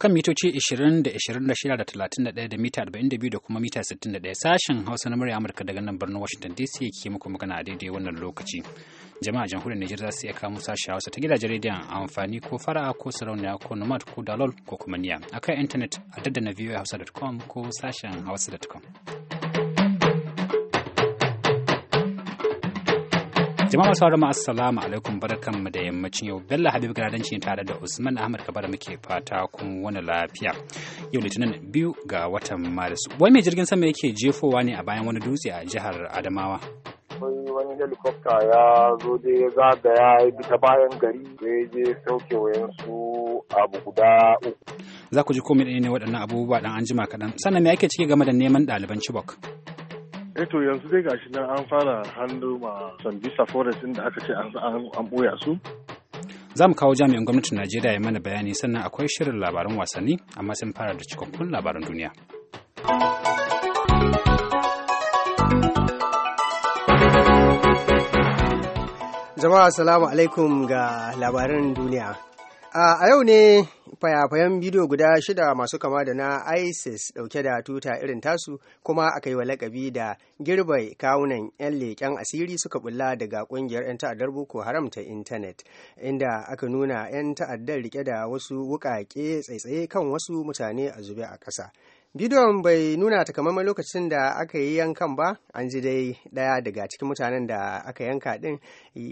akan mitoci 20 da 26 da 31 da mita 42 da kuma mita 61 sashen Hausa na murya Amurka daga nan birnin Washington DC ke muku magana a daidai wannan lokaci. Jama'a jamhuriyar Nijar za su iya kamo sashen Hausa ta gidajen rediyon amfani ko fara'a ko sarauniya ko nomad ko dalol ko kuma niya. Akan intanet a daddana voahausa.com ko sashen hausa.com. jama'a masu ma assalamu alaikum mu da yammacin yau bello habib galadanci tare da usman ahmad kabar muke fata kun wani lafiya yau litinin biyu ga watan maris wai mai jirgin sama yake jefowa ne a bayan wani dutse a jihar adamawa wani helikopta ya zo da ya zagaya ya bi ta bayan gari ya je sauke wayansu abu guda uku za ku ji komai ne waɗannan abubuwa dan anjima kaɗan sannan me ake ciki game da neman ɗaliban chibok Eh, to yanzu dai gashi nan an fara hannu ma Sambisa Forest inda aka ce an boya su. Za mu kawo jami'an gwamnatin Najeriya ya mana bayani sannan akwai shirin labaran wasanni amma sun fara da cikakkun labaran duniya. Jama'a salamu alaikum ga labaran duniya. a yau ne fayafayan bidiyo guda shida masu kama da na isis dauke da tuta irin tasu kuma aka yi wa lakabi da girbai kawunan 'yan leƙen asiri suka bulla daga ƙungiyar 'yan ta'addar boko haram ta intanet inda aka nuna 'yan ta'addar rike da wasu wukake tsaitsaye kan wasu mutane a zube a ƙasa bidiyon bai nuna takamaiman lokacin da aka yi yankan ba an ji dai daya daga cikin mutanen da aka yanka din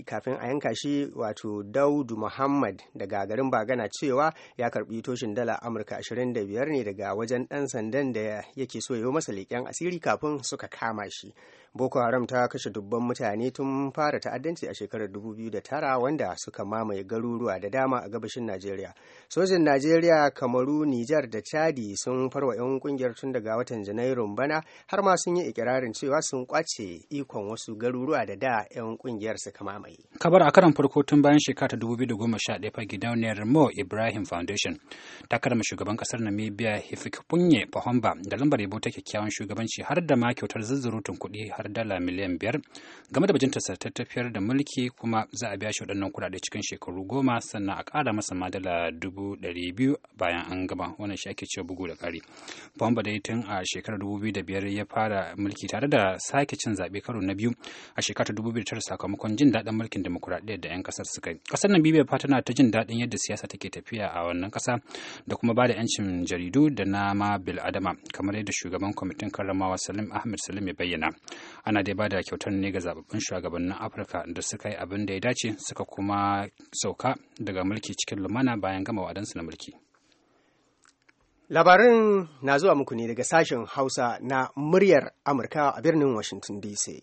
kafin a yanka shi wato daudu muhammad daga garin bagana cewa ya karɓi toshin dala amurka 25 ne daga wajen dan sandan da yake so ya yi masa leƙen asiri kafin suka kama shi boko haram ta kashe dubban mutane tun fara ta'addanci a shekarar 2009 wanda suka mamaye garuruwa da dama a gabashin najeriya sojin najeriya kamaru nijar da chadi sun farwa 'yan kungiyar tun daga watan janairun bana har ma sun yi ikirarin cewa sun kwace ikon wasu garuruwa da da 'yan kungiyar suka mamaye kabar a karan farko tun bayan shekara ta 2011 fa gidauniyar mo ibrahim foundation ta karama shugaban kasar namibia Hifikepunye Pohamba da lambar yabo ta kyakkyawan shugabanci har da ma kyautar zuzzurutun kuɗi har har dala miliyan biyar game da bajintarsa ta tafiyar da mulki kuma za a biya shi waɗannan kuɗaɗe cikin shekaru goma sannan a ƙara masa ma dala dubu ɗari biyu bayan an gama wannan shi ake cewa bugu da ƙari Bamba dai tun a shekarar dubu biyu da biyar ya fara mulki tare da sake cin zaɓe karo na biyu a shekarar dubu biyu da tara sakamakon jin daɗin mulkin demokuraɗiyyar da 'yan ƙasar suka yi ƙasar nan fa fatana ta jin daɗin yadda siyasa take tafiya a wannan ƙasa da kuma ba da 'yancin jaridu da na ma bil'adama kamar yadda shugaban kwamitin karramawa salim ahmed salim ya bayyana ana dai bada kyautar ne ga zababin shugabannin afirka da suka yi abin da ya dace suka kuma sauka daga mulki cikin lumana bayan gama wadansu na mulki labarin na zuwa muku ne daga sashen hausa na muryar amurka a birnin washington dc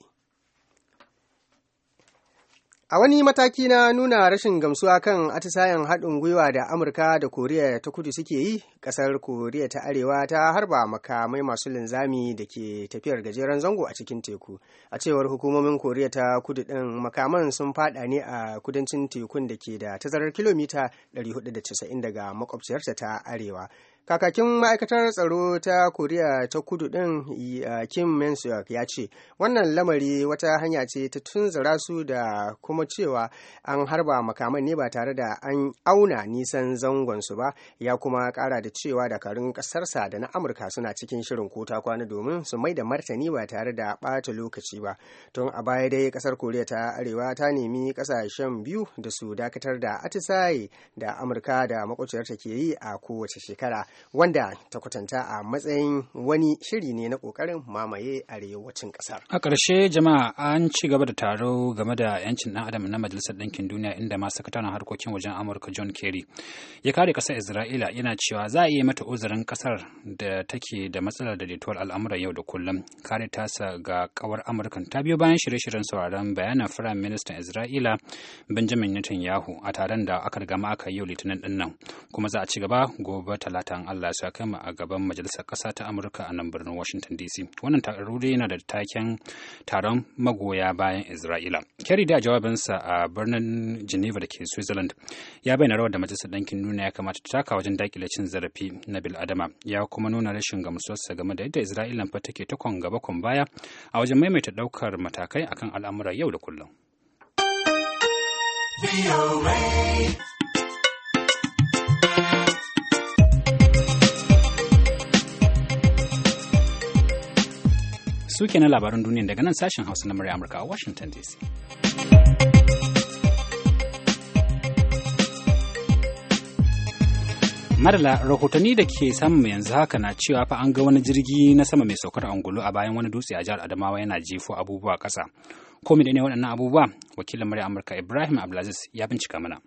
A wani mataki na nuna rashin gamsuwa kan atisayen haɗin gwiwa da Amurka da Koriya ta kudu suke yi, ƙasar Koriya ta Arewa ta harba makamai masu linzami da ke tafiyar gajeren zango a cikin teku. A cewar hukumomin Koriya ta kudu ɗin makaman sun faɗa ne a kudancin tekun da ke da tazarar kilomita 490 daga makwabciyarta ta Arewa. kakakin ma'aikatar tsaro ta koriya ta kudu din eh, kim mensuk ya ce wannan lamari wata hanya ce ta tunzura su da kuma cewa an harba makaman ne ba tare da an auna nisan zangonsu ba ya kuma kara da cewa dakarun ƙasarsa da na amurka suna cikin shirin kota kwana domin su mai da martani ba tare da ɓata lokaci ba tun a baya dai ƙasar koriya ta arewa ta nemi kasashen biyu da su dakatar da atisaye da amurka da makwaciyarta ke yi a kowace shekara wanda ta kwatanta a matsayin wani shiri ne na kokarin mamaye arewacin kasar a ƙarshe jama'a an ci gaba da taro game da yancin ɗan adam na majalisar ɗinkin duniya inda ma sakataren harkokin wajen amurka john kerry ya kare ƙasar isra'ila yana cewa za a iya mata uzurin ƙasar da take da matsalar daidaituwar al'amura yau da kullum kare tasa ga ƙawar amurka ta biyo bayan shirye-shiryen sauraron bayanan firayim ministan isra'ila benjamin netanyahu a taron da aka riga ma aka yi litinin ɗin nan kuma za a ci gaba gobe talatan Allah ya kai mu a gaban majalisar ƙasa ta Amurka a nan birnin Washington DC. Wannan taro yana da taken taron magoya bayan Isra'ila. Kerry da jawabinsa a birnin Geneva da ke Switzerland ya bayyana rawar da majalisar Ɗinkin nuna ya kamata ta taka wajen daƙile cin zarafi na bil adama ya kuma nuna rashin gamsuwarsa game da yadda Isra'ila fa take ta gaba kon baya a wajen maimaita ɗaukar matakai akan al'amura yau da kullum. VOA. su na labaran duniya daga nan sashen hausa na murya amurka a washington dc marla rahotanni da ke samun yanzu haka na cewa fa an ga wani jirgi na sama mai saukar angulu a bayan wani dutse a jihar adamawa yana jefo abubuwa ƙasa ko ne waɗannan abubuwa wakilin murya amurka ibrahim abdulaziz ya bincika mana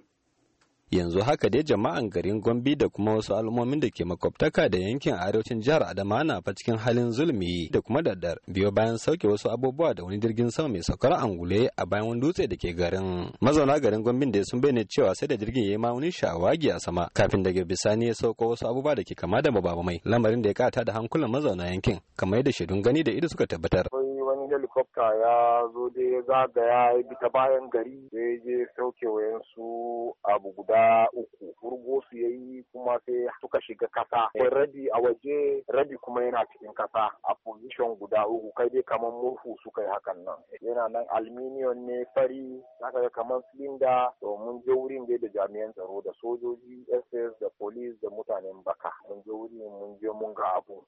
yanzu haka dai jama'an garin gombe da kuma wasu al'ummomin da ke makwabtaka da yankin arewacin jihar adama na fa cikin halin zulmi da kuma daddar biyo bayan sauke wasu abubuwa da wani jirgin sama mai saukar angule a bayan wani dutse da ke garin mazauna garin gombe da sun bayyana cewa sai da jirgin ya yi ma wani shawagi a sama kafin daga bisani ya sauko wasu abubuwa da ke kama da mai, lamarin da ya kata da hankulan mazauna yankin kamar yadda shaidun gani da ido suka tabbatar wani helikopta ya zo dai ya zagaya ya bi ta bayan gari da ya je sauke wayansu abu guda uku furgo su ya yi kuma sai suka shiga kasa akwai rabi a waje rabi kuma yana cikin kasa a position guda uku kai dai kamar murhu suka yi hakan nan yana nan alminiyon ne fari zaka ga kamar silinda to mun je wurin dai da jami'an tsaro da sojoji ss da polis da mutanen baka mun je wurin mun je mun ga abu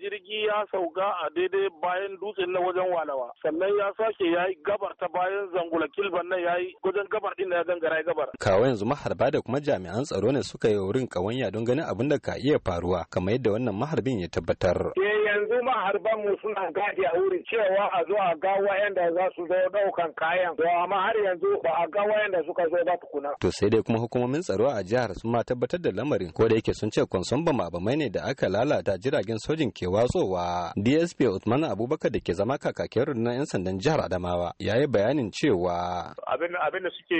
jirgi ya sauka a daidai bayan dutsen na wajen malawa sannan ya sake ya yi gabar ta bayan zangula kilban nan ya yi wajen gabar din ya gangara ya gabar. kawo yanzu maharba da kuma jami'an tsaro ne suka yi wurin kawanya don ganin abin da ka iya faruwa kamar yadda wannan maharbin ya tabbatar. eh yanzu maharban mu suna gadi a wurin cewa a zo a ga wayanda za su zo daukan kayan to amma har yanzu ba a ga da suka zo ba tukuna. to sai dai kuma hukumomin tsaro a jihar sun ma tabbatar da lamarin ko da yake sun ce kwanson bama mai ne da aka lalata jiragen sojin ke watsowa dsp usman abubakar da ke zama kakaki kakakin rundunar 'yan sandan jihar Adamawa ya yi bayanin cewa. Abin da suke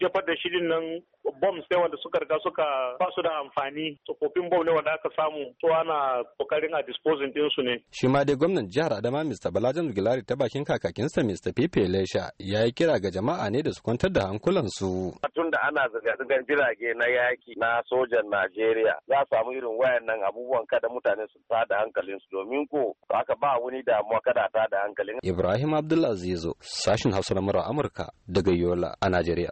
jefar da shirin nan bombs sai wanda suka riga suka ba da amfani tsofaffin bomb ne wanda aka samu to ana kokarin a disposing din su ne. Shi ma dai gwamnan jihar Adama Mr. Balajan Gilari ta bakin kakakinsa Mr. Pepe Lesha ya yi kira ga jama'a ne da su kwantar da hankulansu. Tun da ana zirga-zirgar jirage na yaki na sojan Najeriya za samu irin wayannan abubuwan kada mutane su da hankalinsu domin ko aka ba wani damuwa kada ta da hankali. Ibrahim Abdulaziz sashin Hausa na Amurka daga Yola a Najeriya.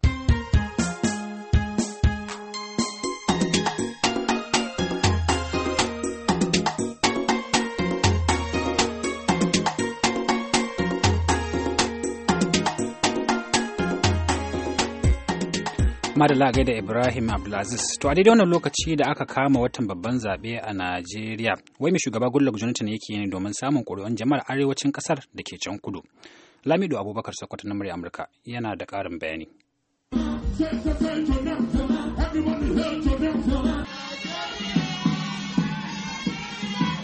Madala gaida Ibrahim Abdulaziz. To a daidai wannan lokaci da aka kama watan babban zaɓe a Najeriya, wai mai shugaba Goodluck Jonathan yake yi domin samun ƙuri'un jama'ar arewacin ƙasar da ke can kudu. Lamido Abubakar Sokoto na murya Amurka yana da ƙarin bayani.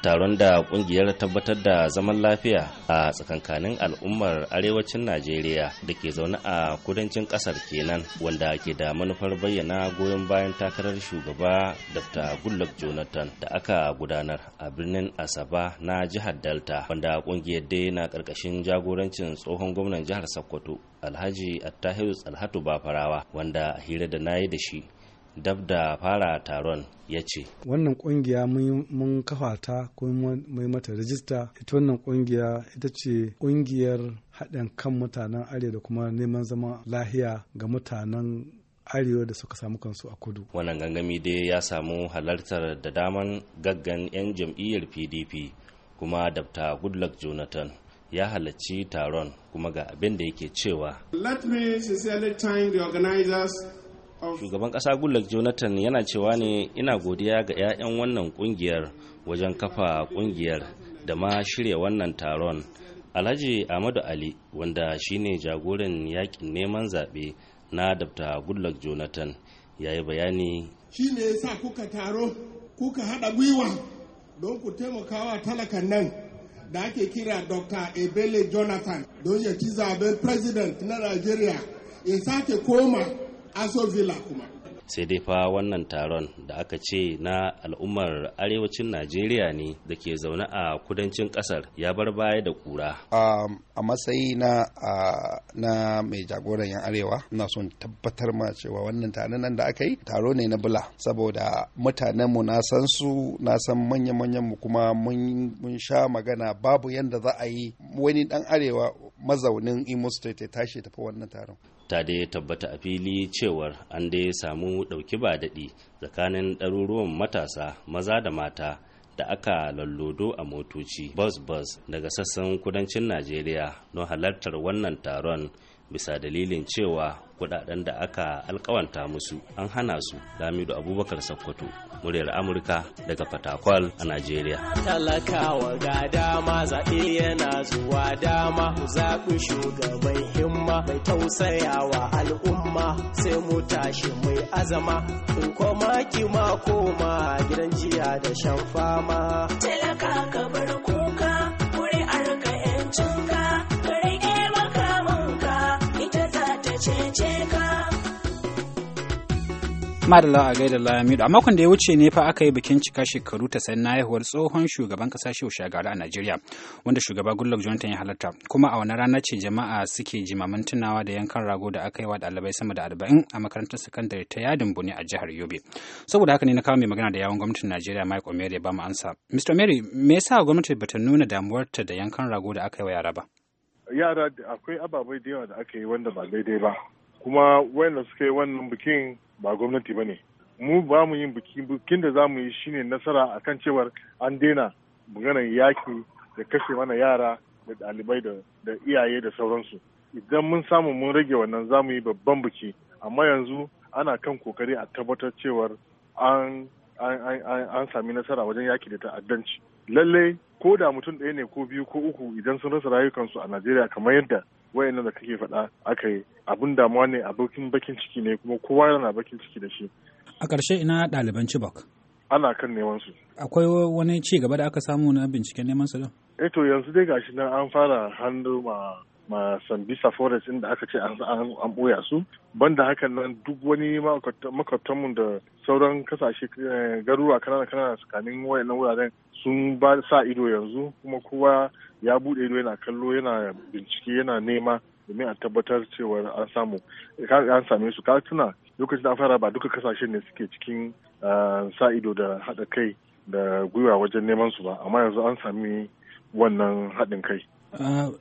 taron da kungiyar tabbatar da zaman lafiya a tsakankanin al'ummar arewacin najeriya da ke zaune a kudancin kasar kenan wanda ke da manufar bayyana goyon bayan takarar shugaba dr goodluck jonathan da aka gudanar a birnin asaba na jihar delta wanda kungiyar dai na karkashin jagorancin tsohon gwamnan jihar sokoto alhaji attahiru tsalhatu bafarawa wanda hira da na yi da shi dab da fara taron ya ce wannan kungiya mun kafa ta ko mai mata rajista ita wannan kungiya ita ce kungiyar haɗin kan mutanen arewa da kuma neman zama lahiya ga mutanen arewa da suka samu kansu a kudu wannan gangami dai ya samu halartar da daman gaggan 'yan jam'iyyar pdp kuma dabta goodluck jonathan ya halarci taron kuma ga abin da yake cewa let me sincerely thank the organizers Oh. shugaban kasa gullak jonathan yana cewa ne ina godiya ga 'ya'yan wannan kungiyar wajen kafa kungiyar da ma shirya wannan taron alhaji ahmadu ali wanda shine jagoran yakin neman zaɓe na dabta gullak jonathan ya yi bayani shi ne ya sa kuka taro kuka haɗa gwiwa don ku taimakawa talakan nan da ake kira dr ebele jonathan don ya ci zaben president na nigeria ya sake koma aso villa kuma sai dai fa wannan taron da aka ce na al'ummar arewacin najeriya ne da ke zaune a kudancin kasar ya bar baya da kura um, a matsayi na na mai jagoran yan arewa ina son tabbatar ma cewa wannan taron nan da aka yi taro ne na bula saboda mutanenmu na san su na san manya-manyan mu kuma mun sha magana babu yadda za a yi wani dan arewa mazaunin imo state ya tashi tafi wannan taron ta dai tabbata a fili cewar an dai samu ɗauki ba daɗi tsakanin ɗaruruwan matasa maza da mata da aka lallodo a motoci bus bus daga sassan kudancin najeriya don halartar wannan taron bisa dalilin cewa kudaden da aka alkawanta musu an hana su lamido abubakar sakkwato muryar amurka daga fatakwal a najeriya talakawa ga dama zaɓe yana zuwa dama zaɓi shugaban himma mai tausayawa al'umma sai mu tashi mai azama in koma ma koma gidan jiya da shan fama talaka ka bar cece madalla a gaida lamido a makon da ya wuce ne fa aka yi bikin cika shekaru ta na haihuwar tsohon shugaban kasa shehu a najeriya wanda shugaba goodluck jonathan ya halarta kuma a wani rana ce jama'a suke jimamin tunawa da yankan rago da aka yi wa ɗalibai sama da arba'in a makarantar sakandare ta yadin buni a jihar yobe saboda haka ne na kawo mai magana da yawon gwamnatin najeriya mike omeri ba mu ansa mr omeri me yasa gwamnati bata nuna damuwarta da yankan rago da aka yi wa yara ba yara akwai ababai da yawa da aka yi wanda ba daidai ba kuma wanda suka yi wannan bikin ba gwamnati ba ne mu ba mu yin bikin da za mu yi shine nasara akan cewar an daina maganar yaki da kashe mana yara da ɗalibai da iyaye da sauransu idan mun samu mun rage wannan za mu yi babban biki amma yanzu ana kan kokari a tabbatar cewar an sami nasara wajen yaki da ta'addanci lallai ko da mutum ɗaya ne ko biyu ko uku idan sun rasa rayukansu a Najeriya kamar yadda wayan da kake faɗa aka yi abin damuwa ne abokin bakin ciki ne kuma kowa yana bakin ciki da shi. A ƙarshe ina ɗaliban cibok Ana kan neman su. Akwai wani ci gaba da aka samu na binciken neman su don? Eh to yanzu dai gashi nan an fara hannu ma ma sambisa forest inda aka ce an ɓoya su banda hakan nan duk wani makwabtanmu da sauran kasashe eh, garuruwa kanana kanana tsakanin wayannan wuraren sun ba sa ido yanzu kuma kowa ya bude ido yana kallo yana bincike yana nema domin a tabbatar cewa an samu an same su ka tuna lokacin da fara ba duka kasashen ne suke cikin eh, sa ido da haɗa kai da gwiwa wajen neman su ba amma yanzu an sami wannan haɗin kai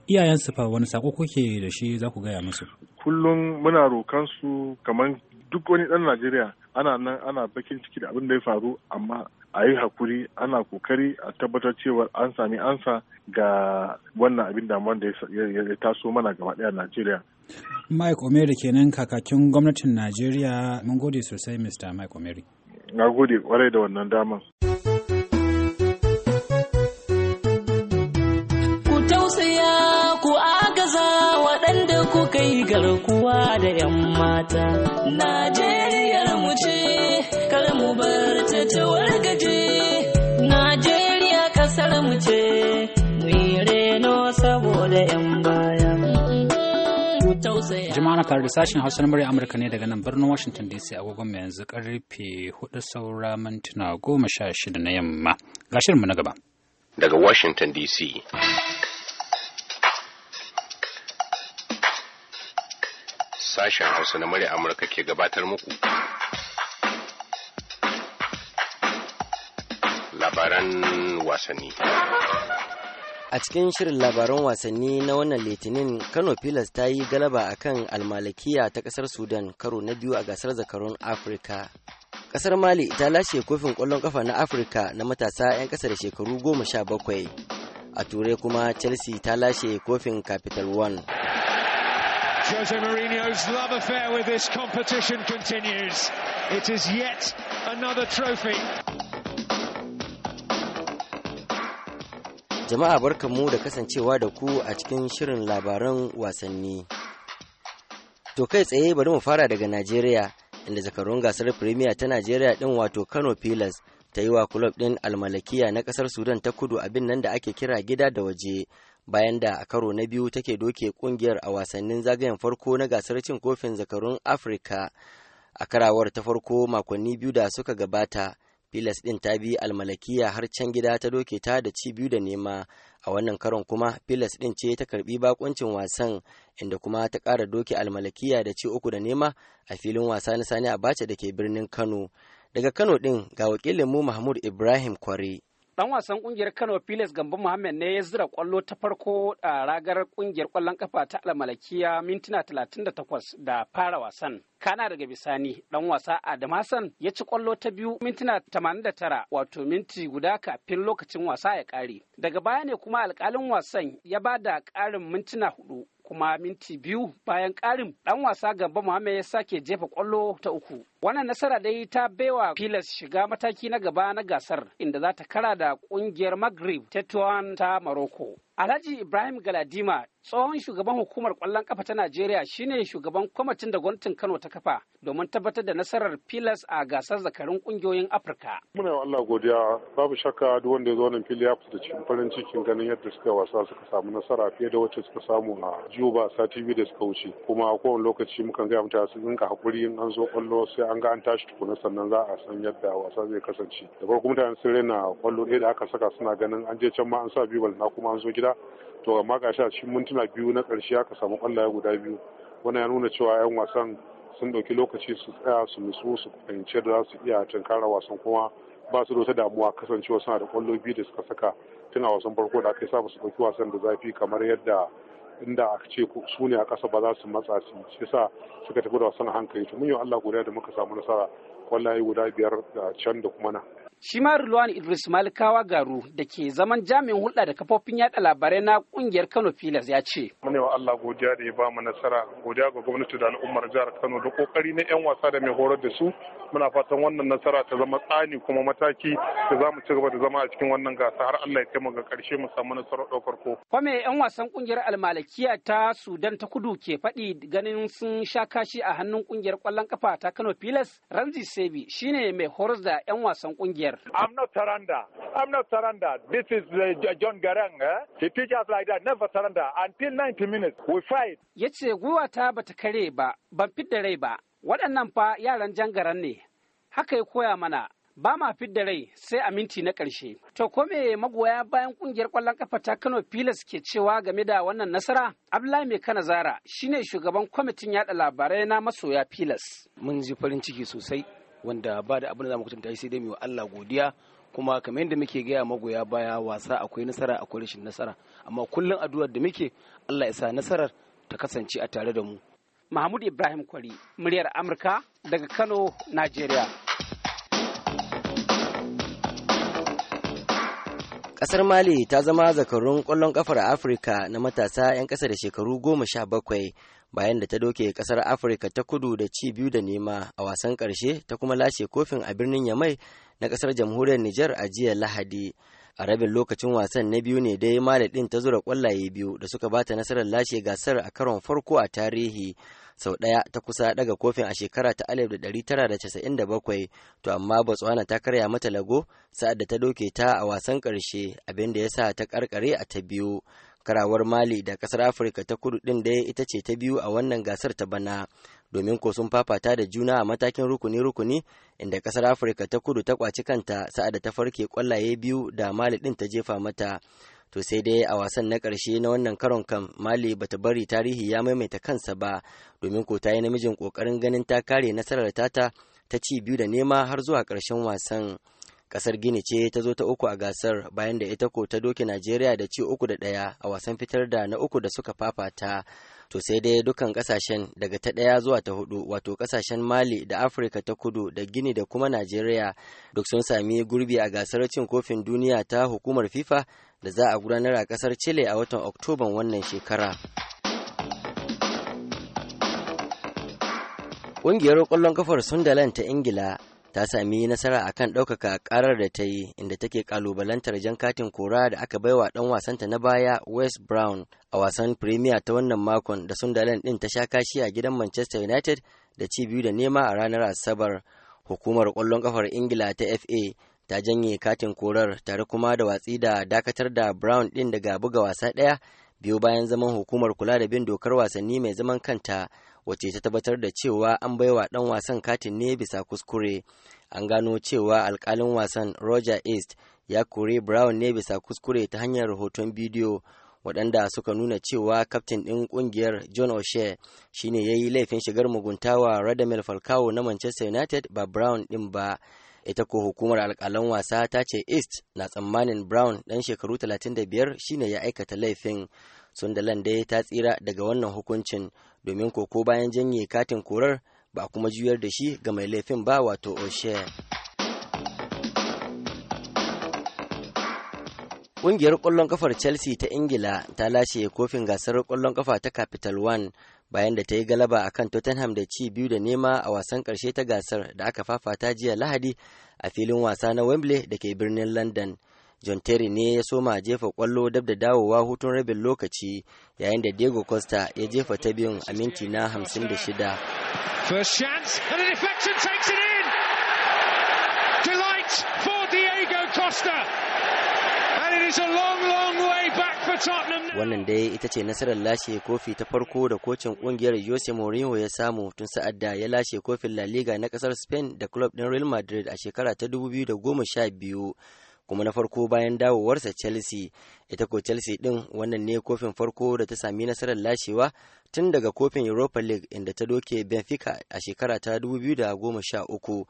iyayensu fa wani sako kuke da shi za ku gaya musu kullum muna rokan su kamar duk wani ɗan najeriya ana nan ana bakin ciki da abin da ya faru amma a yi hakuri ana kokari a tabbatar cewa an sami ansa ga wannan abin damuwan da ya taso mana gaba ɗaya najeriya mike omeri kenan kakakin gwamnatin najeriya mun gode sosai mr mike omeri na gode kwarai da wannan daman. waɗanda kuka yi garkuwa da 'yan mata. Najeriyar mu ce, kar mu bar ta ta wargaje. Najeriya ƙasar mu ce, mu yi reno saboda 'yan baya. Jama'a na faru da sashen Hausa na murya Amurka ne daga nan birnin Washington DC agogon mai yanzu karfe hudu saura mintuna goma sha shida na yamma. Ga mu na gaba. Daga Washington DC. sashen Hausa na murya Amurka ke gabatar muku. Labaran wasanni. A cikin shirin labaran wasanni na wannan litinin Kano Pilas ta yi galaba akan almalakiya ta kasar Sudan karo na biyu a gasar zakarun Afirka. Kasar Mali ta lashe kofin ƙwallon kafa na Afirka na matasa 'yan ƙasa da shekaru goma sha bakwai. A turai kuma Chelsea ta lashe kofin Capital One. Jose Mourinho's love affair with this competition continues. It is yet another trophy. Jama'a mu da kasancewa da ku a cikin shirin labaran wasanni. To kai tsaye bari mu fara daga Najeriya inda zakarun gasar Premier ta Najeriya din wato Kano Pillars ta yi wa kulob din Almalakiya na kasar Sudan ta kudu abin nan da ake kira gida da waje bayan da a karo na biyu take doke kungiyar a wasannin zagayen farko na gasar cin kofin zakarun afirka a karawar ta farko makonni biyu da suka gabata Pilas ɗin ta bi almalakiya har can gida ta doke ta da ci biyu da nema a wannan karon kuma Pilas ɗin ce ta karbi bakuncin wasan inda kuma ta kara doke almalakiya da ci uku da nema a filin wasa na sani abacha da ke birnin Kano. Daga Kano ɗin ga wakilinmu Mahmud Ibrahim Kwari. Dan wasan kungiyar Kano Felix Gambo Muhammad ne ya zira kwallo ta farko a ragar kungiyar kwallon kafa ta Almalakiya mintuna 38 da fara wasan. Kana daga bisani dan wasa Adam Hassan ya ci kwallo ta biyu mintuna 89 wato minti guda kafin lokacin wasa ya kare. Daga baya ne kuma alkalin wasan ya ba da karin mintuna hudu kuma minti biyu bayan karin dan wasa Gambo muhammed ya sake jefa kwallo ta uku. Wannan nasara dai ta baiwa Pilas shiga mataki na gaba na gasar inda za ta kara da kungiyar Maghrib ta ta Morocco. Alhaji Ibrahim Galadima tsohon shugaban hukumar kwallon kafa ta Najeriya shine shugaban kwamitin da gwamnatin Kano ta kafa domin tabbatar da nasarar Pilas a gasar zakarun kungiyoyin Afirka. Muna Allah godiya babu shakka duk wanda ya zo nan fili ya fita cikin farin cikin ganin yadda suka wasa suka samu nasara fiye da wacce suka samu a Juba sati biyu da suka wuce kuma a kowane lokaci mukan gaya mutane su dinka hakuri in an zo kwallo sai an ga an tashi tukuna sannan za a san yadda wasa zai kasance da farko mutane sun rena kwallo ɗaya da aka saka suna ganin an je can ma an sa biyu balna kuma an zo gida to amma gashi a cikin mintuna biyu na ƙarshe aka samu kwallaye guda biyu wannan ya nuna cewa 'yan wasan sun ɗauki lokaci su tsaya su nutsu su fahimci da za su iya tunkara wasan kuma ba su da wata damuwa kasancewa suna da kwallo biyu da suka saka tun a wasan farko da aka sa ba su ɗauki wasan da zafi kamar yadda inda aka ce su ne a ƙasa ba za su matsa su shi sa suka tafi da wasan hankali to mun yi Allah guda da muka samu nasara kwallaye guda biyar da can da kuma nan. Shi ma Rulwan Idris Malikawa Garu da ke zaman jami'in hulɗa da kafofin yada labarai na ƙungiyar Kano Filas ya ce. Mune wa Allah godiya da ya ba mu nasara, godiya ga gwamnati da al'ummar jihar Kano da kokari na 'yan wasa da mai horar da su. Muna fatan wannan nasara ta zama tsani kuma mataki da za mu ci gaba da zama a cikin wannan gasa har Allah ya kai mu ga ƙarshe mu samu nasarar ɗaukar ko. Kwame 'yan wasan ƙungiyar Almalakiya ta Sudan ta Kudu ke faɗi ganin sun sha kashi a hannun ƙungiyar ƙwallon ƙafa ta Kano Filas Ranzi Musebi shine mai horas da 'yan wasan kungiyar. I'm not surrender. I'm not surrender. This is uh, John Garang. Eh? He teach us like that. Never surrender. Until 90 minutes, we fight. Ya ce gwiwata ba ta kare ba, ban fidda rai ba. Waɗannan fa yaran jangaran ne. Haka ya koya mana. Ba ma fidda rai sai a minti na ƙarshe. To ko me magoya bayan ƙungiyar ƙwallon ƙafa ta Kano Pilas ke cewa game da wannan nasara? Abdullahi Mai Kana Zara shine shugaban kwamitin yaɗa labarai na masoya Pilas. Mun ji farin ciki sosai wanda ba da abin da za mu kwatanta sai dai mu Allah godiya kuma kamar yadda muke gaya magoya baya wasa akwai nasara akwai rashin nasara amma kullum addu'ar da muke Allah ya sa nasarar ta kasance a tare da mu Mahmud Ibrahim Kwari muryar Amurka daga Kano Najeriya Ƙasar Mali ta zama zakarun ƙwallon ƙafar Afirka na matasa 'yan ƙasa da shekaru goma sha bakwai bayan da ta doke ƙasar Afirka ta kudu da ci biyu da nema a wasan karshe ta kuma lashe kofin a birnin Yamai na ƙasar jamhuriyar Nijar a jiya Lahadi. A rabin lokacin wasan na biyu ne dai Mali ɗin ta zura kwallaye biyu da suka bata nasarar lashe gasar a karon farko a tarihi. sau ɗaya ta kusa ɗaga kofin a shekara ta 1997 to amma botswana ta karya mata lago sa'ad da ta doke ta a wasan ƙarshe abinda ya sa ta karkare a ta biyu karawar mali da kasar afirka ta kudu ɗin dai ita ce ta biyu a wannan gasar ta bana domin ko sun fafata da juna a matakin rukuni-rukuni inda kasar afirka ta kudu ta kwaci kanta sa'ad da ta farke kwallaye biyu da mali ɗin ta jefa mata to sai dai a wasan na ƙarshe na wannan karon kan mali bata bari tarihi ya maimaita kansa ba domin ko ta yi namijin ƙoƙarin ganin ta kare nasarar tata ta ci biyu da nema har zuwa ƙarshen wasan ƙasar gini ce ta zo ta uku a gasar bayan da ita ko ta doke najeriya da ci uku da ɗaya a wasan fitar da na uku da suka fafata to sai dai dukkan kasashen daga ta ɗaya zuwa ta hudu wato kasashen mali da afirka ta kudu da gini da kuma najeriya duk sun sami gurbi a gasar cin kofin duniya ta hukumar fifa da za a gudanar a kasar Chile a watan Oktoban wannan shekara. Ƙungiyar ƙwallon kafar Sunderland ta Ingila ta sami nasara akan ɗaukaka ƙarar da ta yi inda take ƙalubalantar jan katin kora da aka baiwa ɗan wasanta na baya West Brown a wasan Premier ta wannan makon da Sunderland ɗin ta sha kashi a gidan Manchester United da ci biyu da nema a ranar Asabar. Hukumar ƙwallon ƙafar Ingila ta FA ta janye katin korar tare kuma da watsi da dakatar da Brown ɗin daga buga wasa ɗaya biyu bayan zaman hukumar kula da bin dokar wasanni mai zaman kanta wacce ta tabbatar da cewa an baiwa ɗan wasan katin ne bisa kuskure. An gano cewa alkalin wasan Roger East ya kore Brown ne bisa kuskure ta hanyar rahoton bidiyo waɗanda suka nuna cewa kaftin ɗin ƙungiyar John O'Shea shine ya yi laifin shigar mugunta wa Radamel Falcao na Manchester United ba Brown ɗin ba ita ko hukumar alkalan wasa ta ce east na tsammanin brown dan shekaru 35 shine ya aikata laifin sunderland dai ta tsira daga wannan hukuncin domin koko bayan janye katin korar ba kuma juyar da shi ga mai laifin ba wato o'shea Ƙungiyar ƙwallon ƙafar Chelsea ta Ingila ta lashe kofin gasar ƙwallon ƙafa ta Capital One bayan da ta yi galaba a kan Tottenham da ci biyu da nema a wasan ƙarshe ta gasar da aka fafata jiya Lahadi a filin wasa na Wembley da ke birnin London. John Terry ne ya soma jefa kwallo dab da dawowa hutun rabin lokaci yayin da Diego Costa ya jefa ta biyun a minti na 56. First Costa. Wannan dai ita ce nasarar lashe kofi ta farko da kocin kungiyar Jose Mourinho ya samu tun sa'ad da ya lashe kofin La Liga na kasar Spain da club ɗin Real Madrid a shekara ta 2012 kuma na farko bayan dawowarsa Chelsea. Ita ko Chelsea ɗin wannan ne kofin farko da ta sami nasarar lashewa tun daga kofin Europa League inda ta doke Benfica a shekara ta 2013.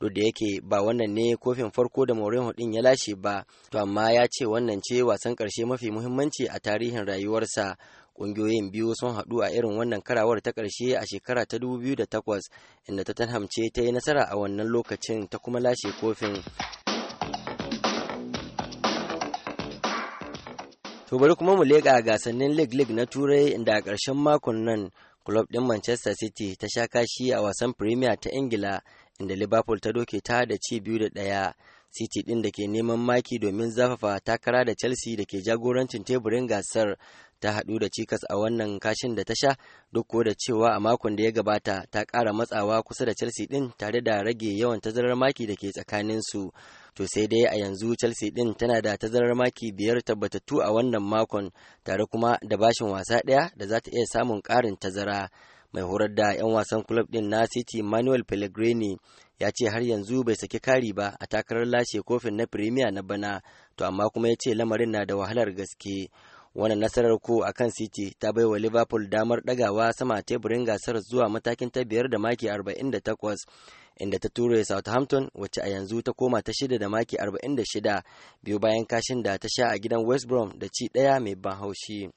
duk da yake ba wannan ne kofin farko da Mourinho din ya lashe ba to amma ya ce wannan ce wasan karshe mafi muhimmanci a tarihin rayuwarsa kungiyoyin biyu sun haɗu a irin wannan karawar ta karshe a shekara ta 2008 inda Tottenham ce ta yi nasara a wannan lokacin ta kuma lashe kofin To bari kuma mu leƙa gasannin League League na Turai inda a ƙarshen makon nan Club ɗin Manchester City ta sha kashi a wasan Premier ta Ingila inda Liverpool ta doke ta da ci biyu da ɗaya. City ɗin da ke neman maki domin zafafa takara da Chelsea da ke jagorancin teburin gasar ta haɗu da cikas a wannan kashin da ta sha duk ko da cewa a makon da ya gabata ta ƙara matsawa kusa da Chelsea ɗin tare da rage yawan tazarar maki da ke tsakaninsu. su. to sai dai a yanzu chelsea din tana da tazarar maki biyar tabbatattu a wannan makon tare kuma da bashin wasa ɗaya da za ta iya samun ƙarin tazara mai horar da 'yan wasan club din na city manuel pellegrini ya ce har yanzu bai saki kari ba a takarar lashe kofin na premier na bana to amma kuma ya ce lamarin na da wahalar gaske wannan nasarar ko a kan city ta bai wa liverpool damar ɗagawa sama teburin gasar zuwa matakin ta biyar da maki 48 inda ta ture Southampton wacce a yanzu ta koma ta shida da maki 46 biyu bayan kashin da ta sha a gidan West Brom da ci ɗaya mai ban haushi.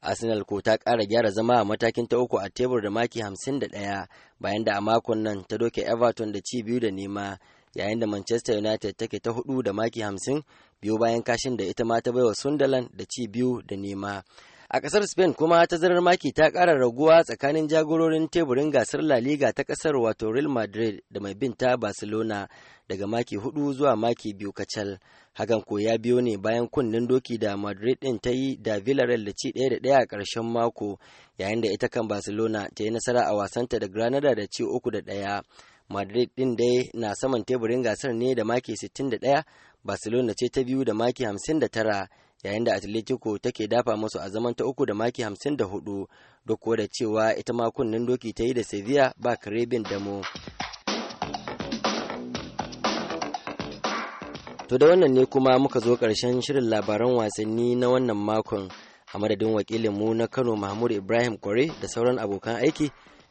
Arsenal ko ta kara gyara zama a matakin ta uku a tebur da maki 51 bayan da a makon nan ta doke Everton da ci biyu da nema yayin da Manchester United take ta hudu da maki 50 biyu bayan kashin da ita ma ta baiwa Sunderland da ci biyu da nema. A ƙasar Spain kuma tazarar maki ta ƙara raguwa tsakanin jagororin teburin gasar La Liga ta ƙasar wato Real Madrid da mai binta Barcelona daga maki hudu zuwa maki biyu kacal. Hakan ko ya biyo ne bayan kunnen doki da Madrid ɗin ta yi da Villarreal da ci ɗaya da ɗaya a ƙarshen mako yayin da ita kan Barcelona ta yi nasara a wasanta da Granada da ci uku da ɗaya. Madrid ɗin dai na saman teburin gasar ne da maki 61, Barcelona ce ta biyu da maki 59. yayin da atletico take dafa musu a zaman ta uku da maki hamsin da hudu duk da cewa ita ma kunnen doki ta yi da sevilla ba karebin mu. to da wannan ne kuma muka zo karshen shirin labaran wasanni na wannan makon a madadin wakilinmu na kano mahmud ibrahim kware da sauran abokan aiki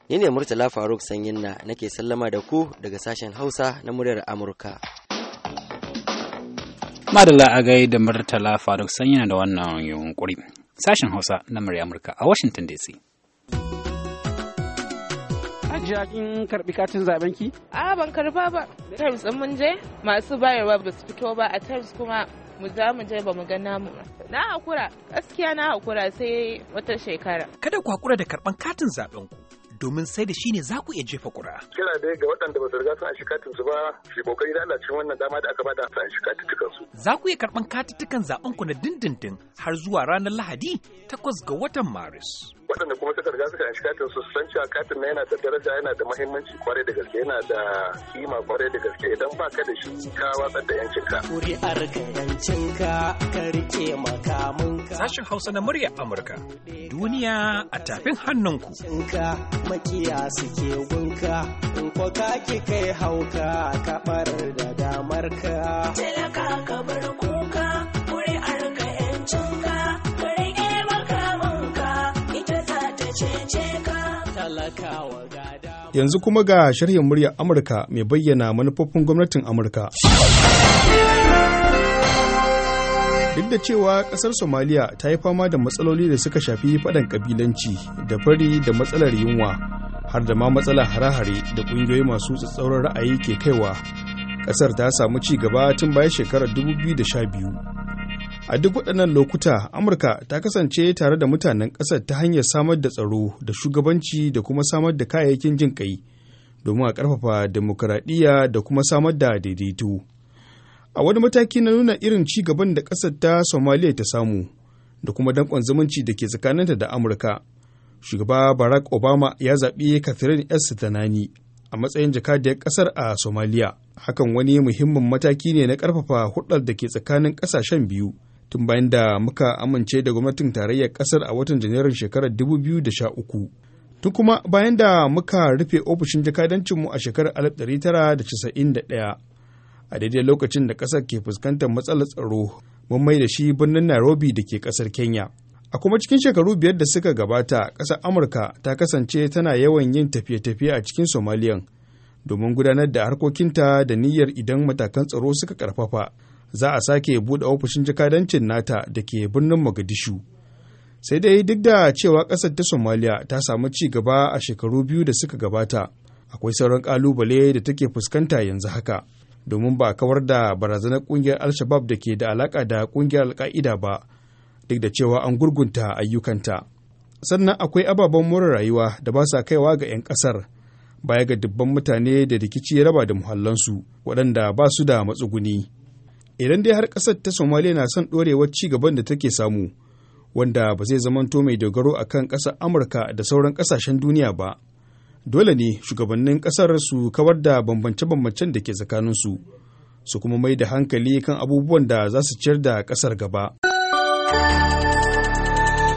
ni ne murtala faruk sanyin na nake sallama da ku daga sashen hausa na muryar amurka Madalla a gai da Murtala Faruk sanyana da wannan yunkuri. Sashen Hausa na murya Amurka a Washington DC. Hajiya kin karɓi katin zaben ki? A ban karɓa ba. Times in mun je masu bayarwa ba su fito ba a Times kuma mu za mu je ba mu ga namu Na hakura, gaskiya na hakura sai wata shekara. Kada ku hakura da karban katin zaben ku. domin sai da shi ne za ku iya jefa kura. Kira dai ga waɗanda ba su riga sun shi katin su ba shi kokari da Allah cikin wannan dama da aka bada su anshi katuttukan su. Za ku iya karɓan katuttukan zaɓen ku na dindindin har zuwa ranar Lahadi takwas ga watan Maris. waɗanda kuma suka riga suka yanci katin su san cewa katin na yana da daraja yana da mahimmanci kwarai da gaske yana da kima kwarai da gaske idan ba ka da shi ka watsar da yancinka. Kuri'ar ka ka rike makaminka. Sashen Hausa na murya Amurka. Duniya a tafin hannunku. Cinka makiya suke gunka in ko ka ki kai hauka ka da damarka. ka ka bar kuka. Yanzu kuma ga sharhin muryar Amurka mai bayyana manufofin gwamnatin Amurka. Duk da cewa ƙasar Somaliya ta yi fama da matsaloli da suka shafi faɗan ƙabilanci da fari da matsalar yunwa har da ma matsalar hare-hare da ƙungiyoyi masu tsatsauran ra'ayi ke kaiwa. Ƙasar ta samu ci gaba tun bayan shekarar 2012. A duk waɗannan lokuta, Amurka ta kasance tare da mutanen ƙasar ta hanyar samar da tsaro da shugabanci da kuma samar da kayayyakin jin ƙai domin a ƙarfafa demokuraɗiyya da kuma samar da daidaito. A wani mataki na nuna irin ci gaban da ƙasar ta Somaliya ta samu da kuma danƙon zumunci da ke tsakaninta da Amurka. Shugaba Barack Obama ya zaɓi Catherine S. Tanani a matsayin jakadiyar ƙasar a Somaliya. Hakan wani muhimmin mataki ne na ƙarfafa hulɗar da ke tsakanin ƙasashen biyu. tun bayan da muka amince da gwamnatin tarayyar ƙasar a watan janairun shekarar 2013 tun kuma bayan da muka rufe ofishin jakadancinmu a shekarar 1991 a daidai lokacin da ƙasar ke fuskantar matsalar tsaro mun mai da shi birnin nairobi da ke ƙasar kenya a kuma cikin shekaru biyar da suka gabata ƙasar amurka ta kasance tana yawan yin tafiye-tafiye a cikin somaliyan domin gudanar da harkokinta da niyyar idan matakan tsaro suka karfafa za a sake buɗe ofishin jakadancin nata da ke birnin Mogadishu. Sai dai duk da cewa ƙasar ta somaliya ta samu ci gaba a shekaru biyu da suka gabata, akwai sauran ƙalubale da take fuskanta yanzu haka. Domin ba kawar da barazanar ƙungiyar Al-Shabab da ke da alaƙa da ƙungiyar Al-Qa'ida ba, duk da cewa an gurgunta ayyukanta. Sannan akwai ababen more rayuwa da ba sa kaiwa ga 'yan ƙasar, baya ga dubban mutane da rikici raba da muhallansu waɗanda ba su da matsuguni. idan dai har ƙasar ta somaliya na son ɗorewar ci gaban da take samu wanda ba zai zamanto mai dogaro a kan ƙasar amurka da sauran ƙasashen duniya ba dole ne shugabannin ƙasar su kawar da bambance-bambancen da ke tsakaninsu su kuma mai da hankali kan abubuwan da za su ciyar da ƙasar gaba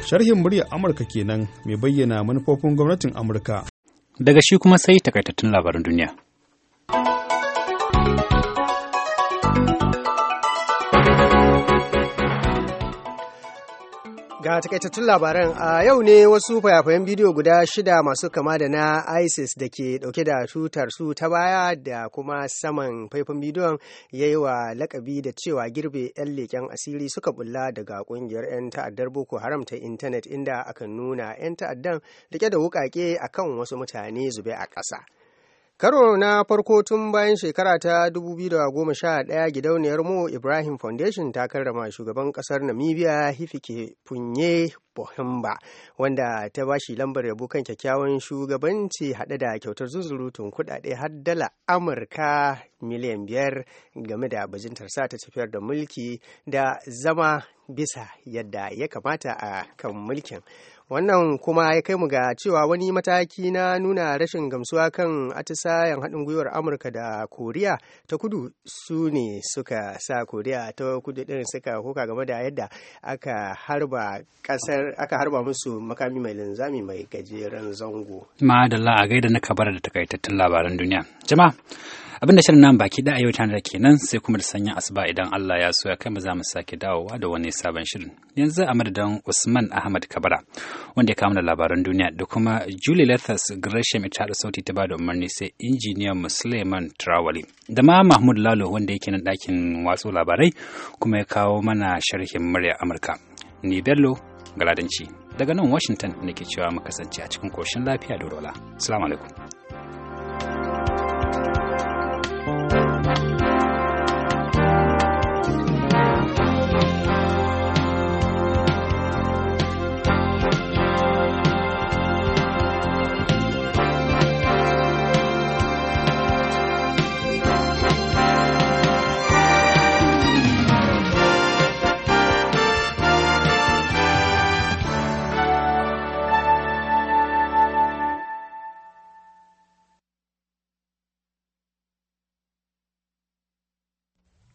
sharhin murya amurka kenan mai bayyana manufofin gwamnatin amurka daga shi kuma sai takaitattun labarin duniya Ga takaitattun labaran a yau ne wasu fayafayen bidiyo guda shida masu kama da na ISIS da ke dauke da tutar su ta baya da kuma saman faifan bidiyon ya yi wa lakabi da cewa girbe 'yan leƙen asiri suka bulla daga kungiyar 'yan ta'addar Boko Haram ta intanet inda aka nuna 'yan ta'addan rike da wukake akan wasu mutane zube a ƙasa. Karo na farko tun bayan shekara ta 2011 gidauniyar mu Ibrahim Foundation ta karrama shugaban kasar Namibia Hifike Punye Bohemba wanda ta bashi lambar yabo kan kyakkyawan shugabanci hade da kyautar zuzurutun kuɗaɗe har dala Amurka miliyan biyar game da bajintar sa ta tafiyar da mulki da zama bisa yadda ya kamata a kan mulkin. wannan kuma ya kai mu ga cewa wani mataki na nuna rashin gamsuwa kan atisayen haɗin gwiwar amurka da koriya ta kudu su ne suka sa koriya ta kudu ɗin suka koka game da yadda aka harba kasar aka harba musu makami mai linzami mai gajeren zango ma'adala a gaida na kabar da takaitattun labaran duniya jama'a abinda shirin nan baki da yau tana kenan sai kuma da sanyin asuba idan Allah ya so ya kai mu za mu sake dawowa da wani sabon shirin yanzu a madadin Usman Ahmad Kabara wanda ya kawo mana labaran duniya da kuma Julie Lathas Gresham ita da sauti ta bada umarni sai injiniyan Musliman Trawali da ma Mahmud Lalo wanda yake nan ɗakin watsu labarai kuma ya kawo mana sharhin murya Amurka ni Bello Galadanci daga nan Washington nake cewa mu kasance a cikin koshin lafiya da rola. Assalamu alaikum.